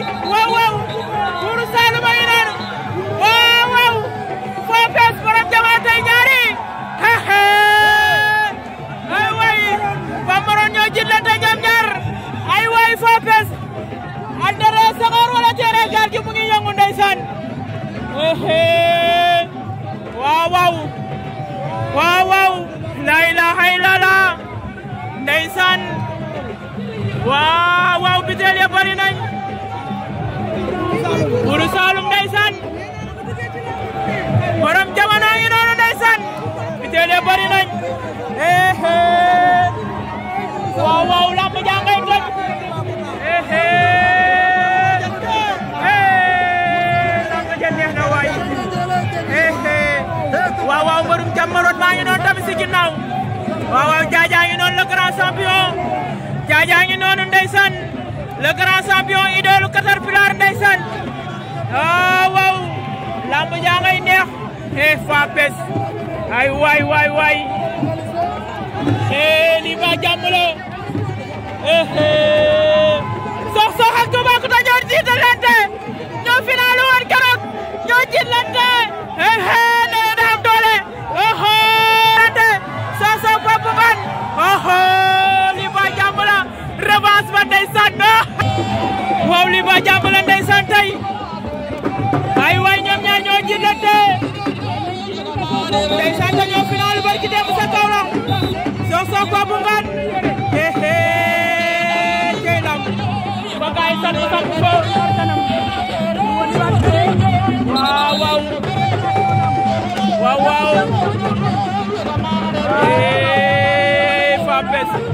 waay waaw waaw Buuru Saalum a ngi noonu waaw waaw foo ñaari ay waay bambaro ñoo jitle te ñoom ñaar ay waay foo fees andere sangoor wala gi mu ngi yëngu ndeysaan waaw waaw waaw waaw la ilaha illallah waaw Ladoum Jamarote maa ngi noonu tamit si ginnaaw waaw waaw Diadia ngi noonu le grand champion Diadia ngi noonu ndeysaan le grand champion idolu Caterpillar ndeysaan waaw waaw lamb jaa ngay neex eh Fapes ay waay waay waay eh lii ba jàmm la eh ba ndeysaan waaw li ba jàmm la ndeysaan tey ay waay ñoom ñaar ñoo jillante ndeysaan ta final barki dem sa Kaolack soo soo ko bu ngaan hehe kay lam